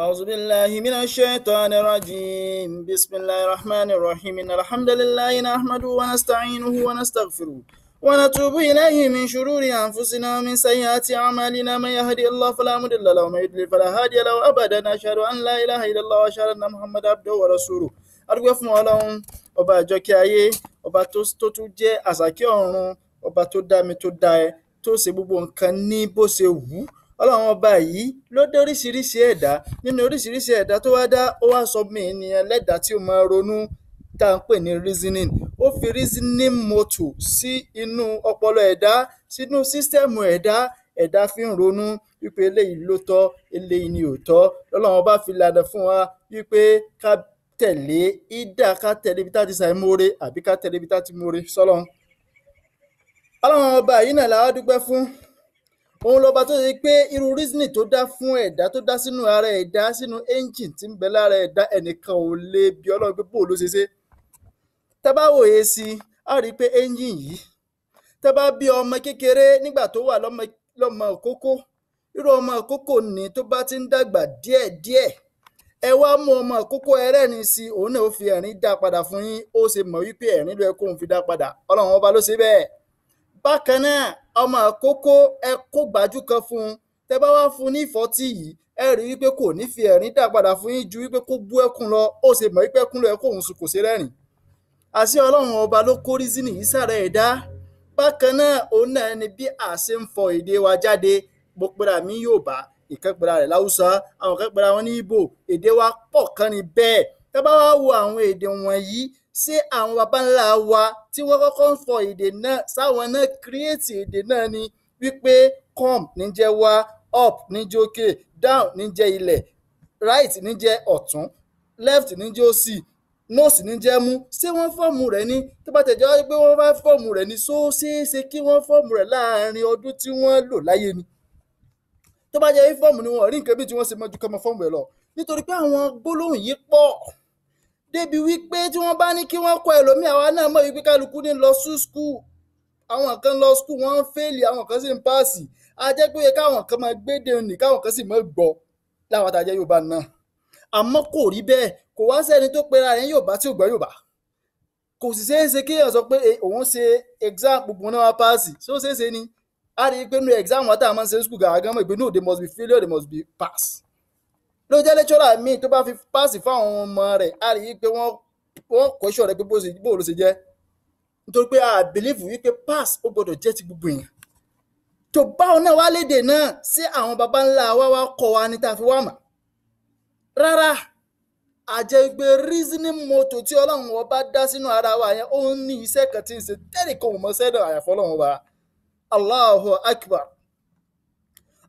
أعوذ بالله من الشيطان الرجيم بسم الله الرحمن الرحيم إن الحمد لله نحمده ونستعينه ونستغفره ونتوب إليه من شرور أنفسنا ومن سيئات أعمالنا من يهدي الله فلا مضل له ومن يضلل فلا هادي له أبدا أشهد أن لا إله إلا الله وأشهد أن محمد عبده ورسوله أرجو fún Ọlọ́run ọba àjọkẹ́ ayé ọba tó tún jẹ́ àsàkẹ́ ọ̀run ọba tó dá mi tó ọlọ́run ọba yìí ló dé oríṣiríṣi ẹ̀dá nínú oríṣiríṣi ẹ̀dá tó wá dá ó wá sọ mí ènìyàn lẹ́dàá tí ó máa ronú tá à ń pè ní reasoning ó fi reasoning motor sí inú ọpọlọ ẹ̀dá sínú sísítẹ́ẹ̀mù ẹ̀dá ẹ̀dá fi ń ronú wípé eléyìí ló tọ́ eléyìí ni ò tọ́ lọ́lọ́run ọba fi lànà fún wa wípé ká tẹ̀lé ìdá ká tẹ̀lé ibi tá a ti àbí ká tẹ̀lé ibi tá a ti móore ọba yìí náà làwọn dúpẹ́ fún òun lọba tó ṣe pé irú reasoning tó dá fún ẹ̀dá tó dá sínú ara ẹ̀dá sínú engine tí ń bẹ lára ẹ̀dá ẹnìkan ò lè bí ọlọ́run pé bóòlù ṣe ṣe tẹ́bá wòye sí i á rí i pé engine yìí tẹ́bá bí ọmọ kékeré nígbà tó wà lọ́mọ kókó irú ọmọ kókó ni tó bá ti ń dàgbà díẹ̀díẹ̀ ẹ wá mú ọmọ kókó ẹrẹ́rin sí òun náà ó fi ẹ̀rín dá padà fún yín ó ṣe mọ̀ wípé ẹ̀rín ló yẹ kóun fi dá padà ọlọ́run ọba ló ṣe bẹ́ẹ̀ bákan náà ọmọ àkókò ẹ kó gbájú kan fún un tẹ bá wá fún un ní ìfọ́tí yìí ẹ rí wípé kò nífẹ̀ẹ́ ẹ̀rín dà padà fún yín ju wípé kó bú ẹkún lọ ó ṣe mọ̀ wípé ẹkún lọ ẹ kó òun sùn kò ṣe rẹ́rìn. àṣé ọlọ́run ọba ló kórí sí nìyí sára ẹ̀dá bákan náà òun náà ni bí a ń fọ èdè wa jáde mo pera mi Yorùbá ìkẹ́pẹ́ra rẹ̀ láwùsá àwọn ìkẹ́pẹ́ra wọn ní Ìgbò èdè wa pọ̀ kan ni bẹ́ẹ̀ tá bá wá wo àwọn èdè wọ̀nyí ṣé àwọn baba ńlá wa tí wọ́n kọ́kọ́ ń fọ èdè náà sáwọn náà kírètì èdè náà ni wípé come ní jẹ́ wá up ní jẹ́ òkè down ní jẹ́ ilẹ̀ right ní jẹ́ ọ̀tún left ní jẹ́ òsì nọ́ọ̀sì ní jẹ́ mú ṣé wọ́n fọ́ọ̀mù rẹ̀ ni tó bá tẹ̀jọ́ pé wọ́n bá fọ́ọ̀mù rẹ̀ ni ṣó ṣeéṣe kí wọ́n fọ́ọ̀mù rẹ̀ láàárín ọdún tí wọ́n lò láyé ni tó bá jẹ́ fọ́ọ̀mù ni wọ́n rí nǹkan bí tí wọ́n ṣe mọ́jú kọ́mọ fọ́ọ̀mù rẹ̀ lọ nítorí pé àwọn gbólóhùn yìí pọ̀ débi wípé tí wọ́n bá ní kí wọ́n kọ ẹlòmíì àwa náà mọ̀ wípé kálukú ní lọ sí skul àwọn kan lọ skul wọ́n ń fẹ́ẹ̀lì àwọn kan sì ń páàsì a jẹ́ pé káwọn kan máa gbéde nì káwọn kan sì máa gbọ́ láwọn àtàjẹ́ Yorùbá náà àmọ́ kò rí bẹ́ẹ̀ kò wá sẹ́ni tó pera rẹ̀ Yorùbá tí ò gbọ́ Yorùbá kò sì ṣeé ṣe kéèyàn sọ pé òun ṣe exam gbogbo náà wá páàsì ṣé ó ṣeé ṣe ni a rí i pé nínú exam wọn tá a máa ń ṣe skul gàgán mọ̀ ìpinnu they must be failure they must be pass ló jẹ́ lẹ́tọ́rà míì tó bá fi páàsì fáwọn ọmọ rẹ̀ á rí i pé wọ́n wọ́n kọ́ iṣẹ́ rẹ̀ pé bó ló ṣe jẹ́ nítorí pé a believe wípé pass ó gbọ́dọ̀ jẹ́ ti gbogbo èèyàn tó báwọn náà wá léde náà sí àwọn baba ńlá wa wá kọ́ wa ní tá a fi wá mọ̀ rárá àjẹgbé reasoning moto tí ọlọ́run ọba dá sínú ara wa yẹn ó ní iṣẹ́ kan tí ń ṣe tẹ́lẹ̀ kò mọ́ sẹ́dọ̀ àyàfọ́ ọlọ́run ọba Allahu akbar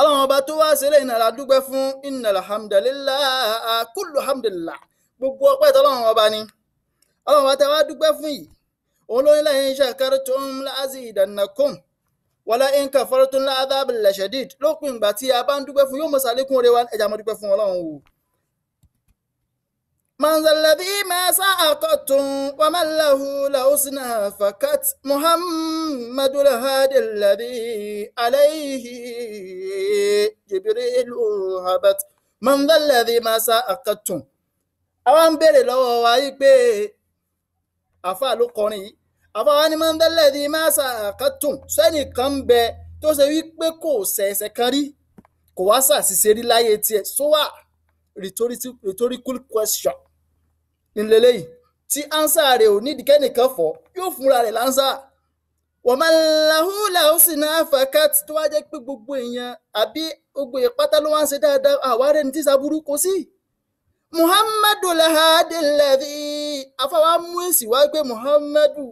ọlọ́run ọba tó wá sílẹ̀ iná la dúpẹ́ fún iná alhamdulillah kúlù alhamdulillah gbogbo ọpẹ́ tọ́lọ́run ọba ni ọlọ́run ọba tẹ wá dúpẹ́ fún yìí òun ló ní lẹ́yìn iṣẹ́ kẹrìtún láàzì ìdánilẹ́kùn wọlé nǹkan fọ́rọ́tún láàdábìlẹ̀ ṣẹ̀díd lópin ìgbà tí a bá ń dúpẹ́ fún yóò mọ̀ sálẹ́kùn rẹwà ẹ̀já mọ́ dúpẹ́ fún ọlọ́run wò. من ذا الذي ما ساقتم ومن له لحسنى فكت محمد الهادي الذي عليه جبريل هبت من الذي ما ساقتم àwọn ń béèrè lọ́wọ́ wa yìí pé àfa ló kọrin yìí àfa wa ni man dha alladhi ma saqattum sẹ́nìkan ń bẹ tó ṣe wípé kò ṣẹ̀ṣẹ̀ kan rí kò wá ṣàṣìṣe rí láyé tiẹ̀ sówà rhetorical question ńlẹ́lẹ́yìí tí ánsá rẹ̀ ò nídìí kẹ́nìkan fọ́ yóò fúnra rẹ̀ lánsá wọ́n máa lahùn làwọn sì náà fàkàt tó wá jẹ́ pé gbogbo èèyàn àbí gbogbo ìpátá ló wá ń ṣe dáadáa àwárẹ̀ ní tíṣà burúkú sí. muhammadu lahadi lẹ́dí afáwa mú èsì wá pé muhammadu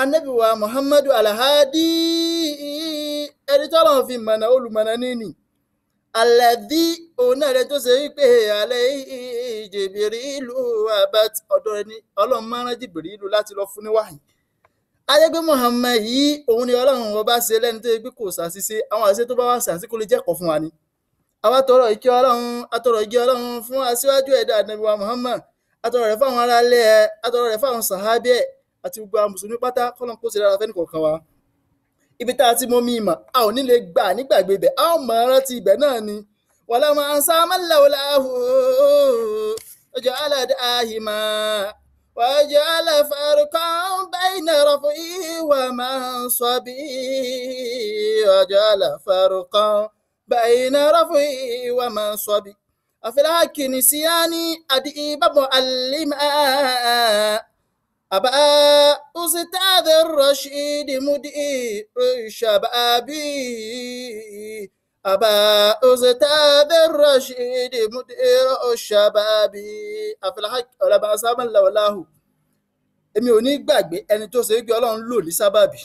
anabiwa muhammadu alahadi ẹni tọ́lọ́ fi mọ̀nà olùmọ̀nà nínú alẹ́bí òun náà rẹ tó ṣe wípé alẹ́ jìbìrì ìlú abat ọ̀dọ̀ ẹni ọlọ́run máa rán jìbìrì ìlú láti lọ fún níwáyé ayégbé Muhammad yìí òun ni ọlọ́run ọba ṣe lẹ́ni tó yẹ pé kò ṣàṣìṣe àwọn àṣìṣe tó bá wà ṣàṣìṣe kò lè jẹ́kọ̀ọ́ fún wa ni àwa tọrọ ìkẹ́ ọlọ́run atọrọ ìkẹ́ ọlọ́run fún aṣíwájú ẹ̀dá ànábì wa Muhammad atọrọ rẹ̀ fáwọn aráalé ẹ̀ atọrọ rẹ̀ fáwọn sàhábẹ́ àti gbogbo àwọn mùsùlùmí pátá kọ́lọ́n ibi tá a ti mọ mi ìmọ̀ a ò ní lè gbà nígbàgbé ibẹ̀ a ó mọ̀ rántí ibẹ̀ náà ni wàlá máa ń sá mọ́láwòláhù ọjọ́ aláàdé àhìmá wàjọ́ aláfarukọ́ bẹ́ẹ̀nà rọ̀fù ìwà máa ń sọ bí ọjọ́ aláfarukọ́ bẹ́ẹ̀nà rọ̀fù ìwà máa ń sọ bí. àfẹ́lá kìnnìsíyá ní àdìbàbọ̀ àlìmọ́. أبا أستاذ الرشيد مدير شبابي أبا أستاذ الرشيد مدير شبابي أفلحك ولا بأس من لولاه èmi ò ní gbàgbé ẹni tó ṣe é gbé ọlọ́run lò ní sábàbí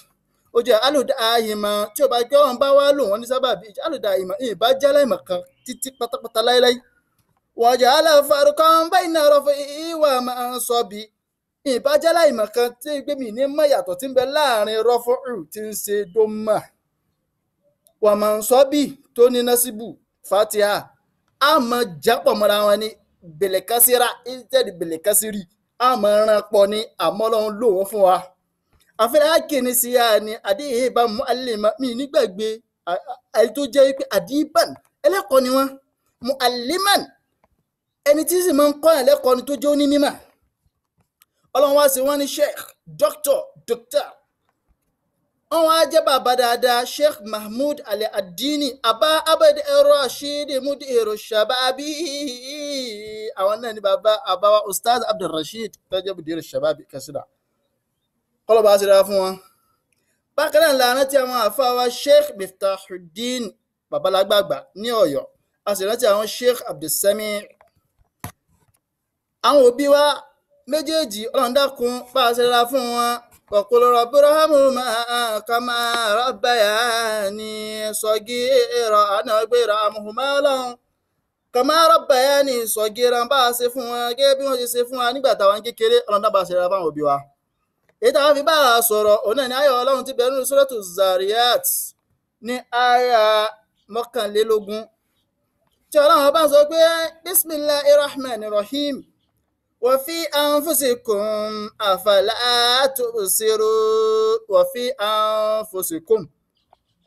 ó jẹ́ alùdá àyìnmọ̀ tí ó bá gbé ọlọ́run bá wá lò wọ́n ní sábàbí alùdá àyìnmọ̀ ìyìn bá jẹ́ láìmọ̀ kan títí pátápátá láéláé wọ́n jẹ́ aláfarukọ́ ń bá ìnáwó fún ìwà máa ń sọ bíi ìbájálá ìmọ̀ kan tí gbẹ̀mí ní mọ̀ yàtọ̀ tí ń bẹ láàrin rọ́fọ́rù tí ń ṣe dómà wàmọ̀nsọ́bì tó ní násìbù fatiha àmọ́ jápọ̀ mọ́ra wọn ni bẹ̀lẹ̀kásíra ìjẹ́dì bẹ̀lẹ̀kásírì àmọ́ ẹran pọ̀ ni àmọ́ lòun fún wa. àfẹ́rẹ́ àkíní sí ya ni àdéhìí bá mú alẹ́mà mi nígbàgbé àyè tó jẹ́ pé àdìbàn ẹlẹ́kọ̀ọ́ ni wọ́n mú alẹ́mà ẹni tí sì máa ń kọ́ ẹlẹ́kọ̀ọ́ ni tó jẹ́ onímọ̀ ọlọ́run wá sí wọ́n ní sheikh doctor doctor wọ́n wá jẹ́ bàbá dáadáa sheikh mahmood ali adini abba abed ẹ̀rọ ashidi mudiru shababi àwọn náà ní bàbá àbáwá ustaz abdulrasheed tọ́jú mudiru shababi kẹsìdá kọ́lọ̀ bá ṣẹlẹ̀ fún wọn. bákan náà lànà tí àwọn àfáwá sheikh miftahuddin babalagbàgbà ní ọ̀yọ́ a sì rántí àwọn sheikh abdulsami àwọn òbí wa méjèèjì ọlọ́run dákun bá a ṣe ra fún wọn ọ̀pọ̀lọpọ̀ búrọ́hámù máa kà máa rọ́bàyà ní sọ́gí èrò ànágbèrò àmùhùnmá ọlọ́run kà máa rọ́bàyà ní sọ́gí èrò bá a ṣe fún wọn gẹ́gẹ́ bí wọ́n ṣe ṣe fún wa nígbà táwọn kékeré ọlọ́run dábàá ṣe ra fáwọn òbí wa. èyí táwọn fi bá a sọ̀rọ̀ òun náà ayọ̀ ọlọ́run ti bẹ̀rù sọ́rọ̀tù Zariyat ní àyà mọ́kànlélógún tí ọlọ́run bá sọ pé bismillahir rahmanir rahim Wafi أنفسكم afala تبصرون Wafi أنفسكم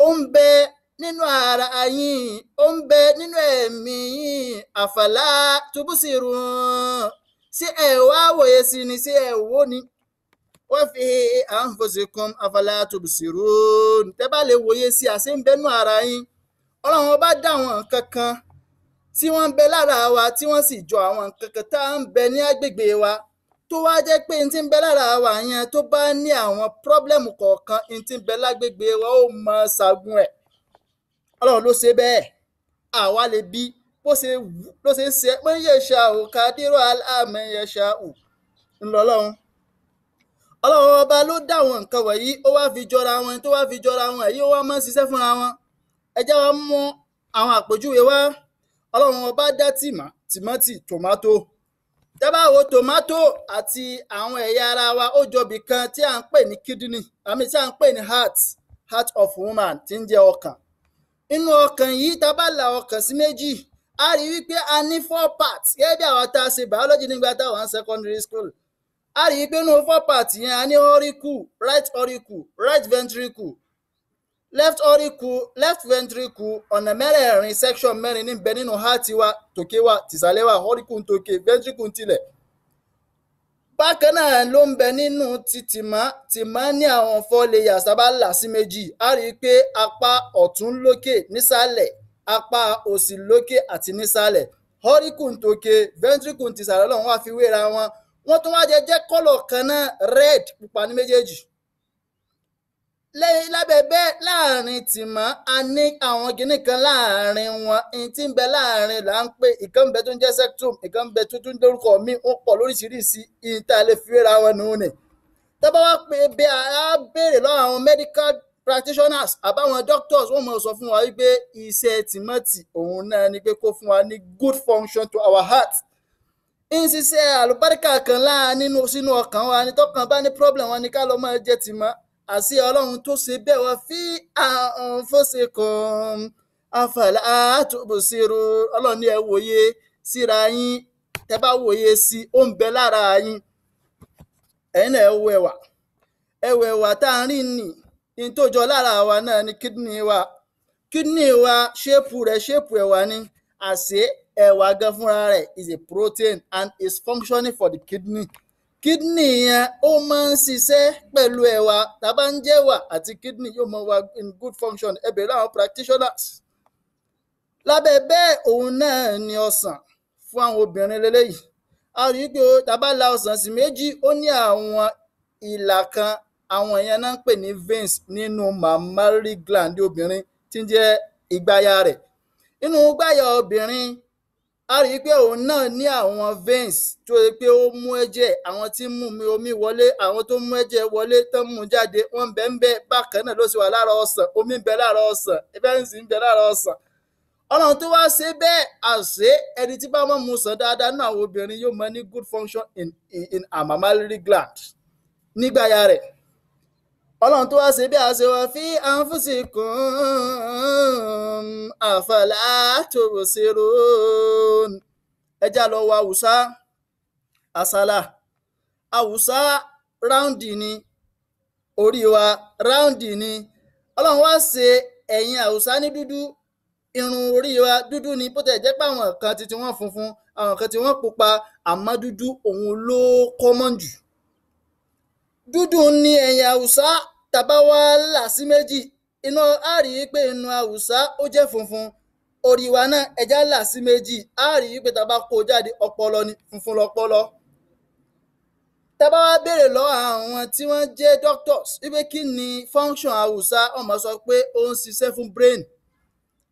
ó ń bẹ nínú ara yín ó ń bẹ nínú ẹ̀mí yín àfàlà tubsirun sí ẹ̀ wòye sí ni sí ẹ̀ wò ni wọ́n fi anfusikum àfàlà tubsirun tẹ́ bá lè wòye sí àṣẹ ń bẹ nínú ara yín ọlọ́run ọba dá àwọn tí wọ́n ń bẹ lára wa tí wọ́n sì jọ àwọn kankan tá à ń bẹ ní agbègbè wa tó wá jẹ́ pé n ti ń bẹ lára wa yẹn tó bá ní àwọn pírọ́blẹ́mù kọ̀ọ̀kan n ti ń bẹ lágbègbè wa ó mọ ṣàgùn ẹ̀ ọlọ́run ló ṣe bẹ́ẹ̀ àwa lè bí bó ṣe wù ló ṣe ṣe pé yẹ̀ṣà ò ká dírò àmì yẹ̀ṣà ò ńlọlọ́run ọlọ́run ọba ló dá àwọn nǹkan wọ̀nyí ó wá fi jọra wọn tó wá fi jọra wọn èyí ó wá máa ń fúnra wọn ẹ jẹ́ wá mú àwọn àpèjúwe wá ọlọ́run ọba dá tìmá tìmọ́tì tòmátò dábàáwo tòmátò àti àwọn ẹ̀yà ara wa ó jọbi kan tí à ń pè ní kidney àmì tí à ń pè ní heart heart of woman tí ń jẹ́ ọkàn inú ọkàn yìí tá bá la ọkàn sí méjì a rí wípé a ní four parts gẹ́gẹ́ bí àwọn tá a ṣe biology nígbà táwọn ń secondary school a rí wípé inú four parts yẹn a ní auricle right auricle right ventricle left auricle left ventricle ọ̀nà mẹ́rẹ̀ẹ̀rin section mẹ́rin níbẹ̀ nínú heart wa tòkè wa tìsàlẹ̀ wa auricle tòkè ventricle tilẹ̀ bákan náà ló ń bẹ nínú ti tìmọ́ tìmọ́ ní àwọn four layers sábà là sí méjì a rí i pé apá ọ̀tún lókè nísàlẹ̀ apá òsì lókè àti nísàlẹ̀ auricle tòkè ventricle tìsàlẹ̀ lọ́wọ́ àfiwéra wọn wọ́n tún wá jẹ́ jẹ́ kọ́lọ̀ kan náà red pupa ní méjèèjì lẹ́yìn láàrin tìmọ́ a ní àwọn kinní kan láàrin wọn ẹni tí ń bẹ láàrin là ń pè ìkan bẹ tó ń jẹ́ sectum ìkan bẹ tó tún dórúkọ mi wọ́n pọ̀ lóríṣiríṣi ìyìn tá wọn nù tọ́ba wá pé bí a béèrè lọ́wọ́ àwọn medical practitioners àbáwọn doctors wọ́n mọ̀ sọ fún wa wípé iṣẹ́ tìmọ́tì òun náà ni pé kó fún wa ní good function to our heart ń ṣiṣẹ́ àlùbáríkà kan láà nínú sínú ọkàn wa ni tọkàn bá ní problem wa ni ká lọ máa jẹ tìmọ́ àṣé ọlọ́run tó ṣe bẹ́ẹ̀ wá fí àǹfọ̀ṣẹ̀kàn àǹfààlà àtúbọ̀ṣẹ̀rò ọlọ́run ní ẹ wòye síra yín tẹ bá wòye sí ó ń bẹ lára yín ẹ̀yin náà ẹ wo ẹwà ẹwà ẹwà tá à rìn nì ní tó jọ lára wa náà ni kídìní wa kídìní wa ṣéèpù rẹ̀ ṣéèpù ẹwà ni àṣé ẹwà gan fúnra rẹ̀ is a protein and is functioning for the kidney Kidney, yẹn ó máa ń ṣiṣẹ́ pẹ̀lú ẹ̀wà tàbá ń jẹ́wà àti kídìní yóò mọ wa in good function ẹ bèrè àwọn practitioners lábẹ́ bẹ́ẹ̀ òun náà ni ọsàn fún àwọn obìnrin lélẹ́yìí a rí i pé tàbá la ọsàn sí méjì ó ní àwọn ìlà kan àwọn yẹn náà ń pè ní veins nínú mammary gland obìnrin tí ń jẹ́ ìgbáyà rẹ̀ nínú gbáyà obìnrin a rí i pé òun náà ní àwọn veins tó yẹ pé ó mú ẹ̀jẹ̀ àwọn tí ń mú omi wọlé àwọn tó mú ẹ̀jẹ̀ wọlé tó ń mú jáde wọ́n bẹ́ẹ̀ ń bẹ́ bákan náà ló sì wà lára ọsàn omi ń bẹ lára ọsàn fẹ́ǹsì ń bẹ lára ọsàn ọlọ́run tó wá ṣe bẹ́ẹ̀ àṣé ẹni tí bá mọ̀ mu sàn dáadáa náà àwọn obìnrin yóò mọ ní good function in in in her gland nígbà ya rẹ̀ ọlọ́run tó wá ṣe bí a ṣe wá fi àǹfùsì kún àfàlà tòrò ṣèrò ẹjá lọ wá àwùsá àṣàlà àwùsá ráùndì ni orí wa ráùndì ni ọlọ́run wá ṣe ẹ̀yìn àwùsá ní dúdú irun orí wa dúdú ni bó tẹ̀ jẹ́ pé àwọn kan ti ti wọ́n funfun àwọn kan ti wọ́n pupa àmọ́ dúdú òun ló kọ́mọ̀ jù dúdú ni ẹ̀yìn àwùsá tàbá wá là sí méjì iná á rí i pé inú haúsá ó jẹ́ funfun orí wa náà ẹja là sí méjì á rí i pé tàbá kó jáde ọpọlọ ni funfun lọpọlọ tàbá wá béèrè lọ́wọ́ àwọn tí wọ́n jẹ́ doctors wípé kí ni function haúsá ọmọ sọ pé ó ń ṣiṣẹ́ fún brain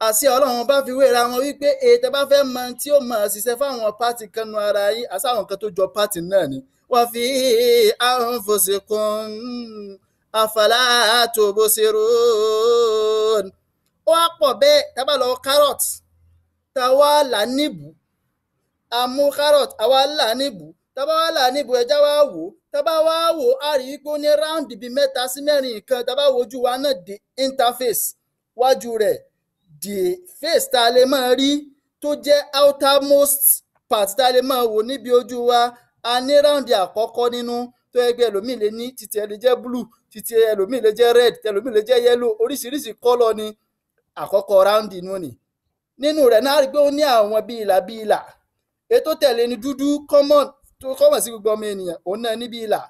àṣẹ ọlọ́run bá fi wéra wọn wípé ètò bá fẹ́ mọ tí ó mọ̀ ṣiṣẹ́ fáwọn pátì kan nu ara yín àṣà àwọn kan tó jọ pátì náà ni wọ́n fi àrùn fòṣe àfàlà tubsirun ó wá pọ̀ bẹ́ẹ̀ tábà lọ carrot táwa là níbù àmú carrot àwa là níbù tábà wá là níbù ẹja wá wò tábà wá wò á rí i pé ó ní ráùndì bíi mẹ́ta sí mẹ́rin nǹkan tábà wojú wa náà di interface wájú rẹ̀ di face tá a lè máa rí tó jẹ́ outermost part tá a lè máa wò níbi ojú wa a ní ráùndì àkọ́kọ́ nínú. No tó yẹ pé ẹlòmíì lè ní títí ẹ jẹ́ blue títí ẹlòmíì lè jẹ́ red títí ẹlòmíì lè jẹ́ yellow oríṣiríṣi kọ́lọ̀ ni àkọ́kọ́ round inú ni nínú rẹ̀ náà rí pé ó ní àwọn bíi ìlà bíi ìlà ètò tẹ̀lé ni dúdú common tó common sí gbogbo ọmọ ènìyàn òun náà níbi ìlà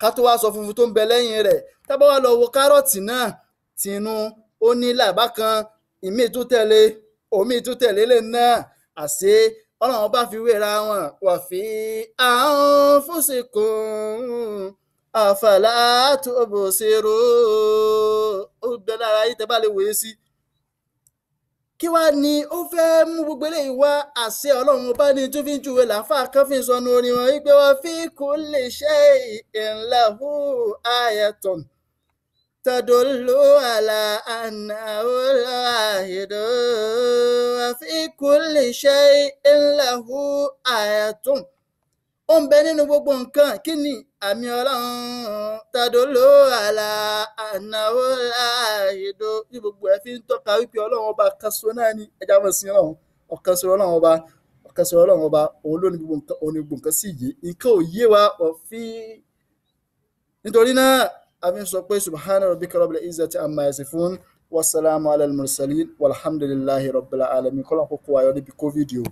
ká tó wá sọ funfun tó ń bẹ lẹ́yìn rẹ̀ tábà wá lọ wo kárọ̀tì náà tinú ó ní ìlà ìmíì tó tẹ̀lé òmíì tó tẹ̀lé lè náà àṣé ọlọ́run bá fi wéra wọn wà fi àwọn fúnṣekùn àfàlà tó bò ṣe rò ó gbẹ lára yìí tẹ bá lè wòye sí. kí wàá ní ó fẹ́ mú gbogbo eléyìí wá àṣẹ ọlọ́run bá ní tó fi ń juwe làáfàá kan fi ń sọnù orin wọn wípé wọ́n fi kú lè ṣe ìlàhùn àyẹ̀tọ̀nù. تدل على أنه الواحد وفي كل شيء له آية ó ń bẹ nínú gbogbo nǹkan kí ni àmì ọlọ́run tadolo ala ànáwó láàyèdò bí gbogbo ẹ fi ń tọ́ka wípé ọlọ́run ọba kaṣọ náà ni ẹja mọ̀ sí ọlọ́run ọ̀kan ṣoṣo ọlọ́run ọba ọ̀kan ṣoṣo ọlọ́run ọba òun ló ní gbogbo nǹkan òun ní gbogbo nǹkan sì yé nǹkan ò yé wa ọ̀fíì nítorí náà àfi sọ pé subhana rabbika rabbil izzati amma yasifun wasalaamu alal mursalin walhamdulillahi rabbil alamin kọ́lọ́n kókó ayọ̀ níbi covid yìí